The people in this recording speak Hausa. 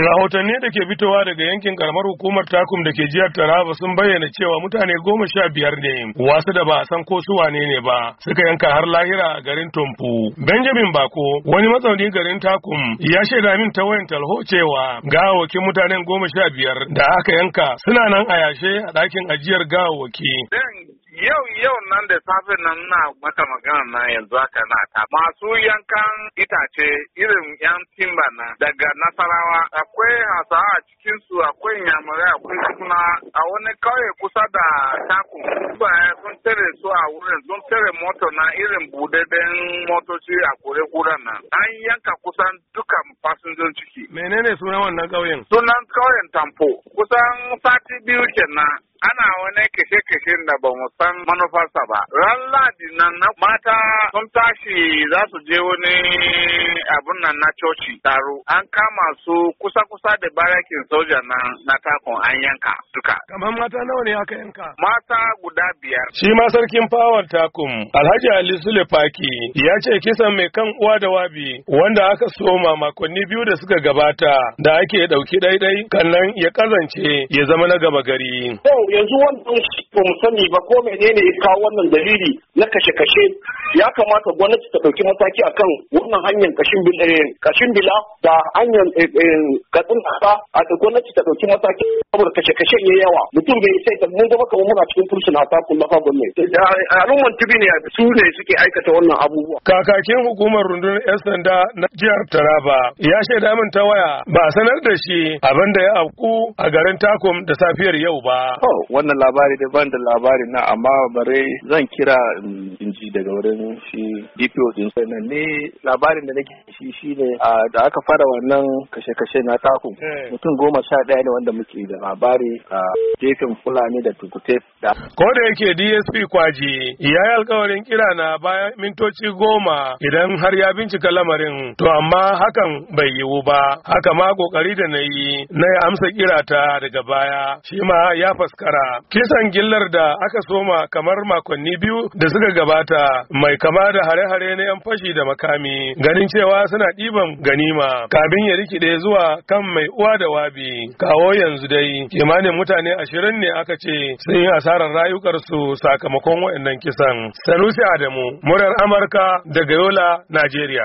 rahotanni da ke fitowa daga yankin karamar hukumar takum da ke jihar taraba sun bayyana cewa mutane goma sha biyar ne wasu da ba a san ko su wane ne ba suka yanka har lahira a garin tumfu benjamin bako wani matsauni garin takum ya shaida min ta wayan talho cewa gawawwakin mutanen goma sha biyar da aka yanka suna nan a yashe a ɗakin ajiyar gawawwaki yau nan da safe nan na maka magana na yanzu haka na ta masu yankan itace irin yan timba na daga nasarawa akwai hasa a cikin su akwai nyamurai akwai suna a wani kauye kusa da taku ba sun tare su a wurin sun tare moto na irin budadden motoci a kure kuran nan an yanka kusan duka fasinjojin ciki. Menene sunan wannan ƙauyen? Sunan ƙauyen Tampo. Kusan sati biyu kenan ana wani kashe kashe da ba mu san manufarsa ba. Ran ladi nan na mata sun tashi za su je wani abun nan na coci taro. An kama su kusa-kusa da barakin soja na na takon an yanka duka. Kamar mata nawa ne aka yanka? Mata guda biyar. Shi ma sarkin fawar takun Alhaji Ali Sule Faki ya ce kisan mai kan uwa da wabi wanda aka soma makon makonni biyu da suka gabata da ake ɗauki ɗaiɗai kallon ya kazance ya zama na gaba gari. Yau yanzu wannan ba mu sani ba ko menene ya kawo wannan dalili na kashe-kashe ya kamata gwamnati ta ɗauki mataki akan wannan hanyar kashin eh, kashin bila da hanyar eh, eh, katsin ƙasa a gwamnati ta ɗauki mataki saboda kashe-kashe ya yawa mutum bai sai ta mun gaba kamar muna cikin fursun hata kullum fa gwamnati al'umman tibi ne su ne suke aikata wannan abubuwa. kakakin hukumar rundunar yan sanda na jihar taraba ya shaida min ta waya ba sanar da shi abin da ya afku a garin takum da safiyar yau ba. Oh, wannan labari da ban da labari na amma bare zan kira In ji daga wurin shi DPO din sannan ne labarin da nake shi shine da aka fara wannan kashe-kashe na taku eh. mutum goma sha ɗaya ne wanda muke da labari a gefen Fulani da Tukute da ko da yake DSP kwaji ya yi alkawarin kira na bayan mintoci goma idan har ya bincika lamarin to amma hakan bai yiwu ba haka ma kokari da na yi na ya amsa kira ta daga baya shi ma ya faskara kisan gillar da aka soma kamar makonni biyu da suka gabata mai kama da hare-hare na 'yan fashi da makami ganin cewa suna ɗiban ganima kafin ya rikide zuwa kan mai uwa da wabi kawo yanzu dai kimanin mutane ashirin ne aka ce sun yi asarar rayukarsu sakamakon waɗannan kisan sanusi adamu murar amurka daga yola najeriya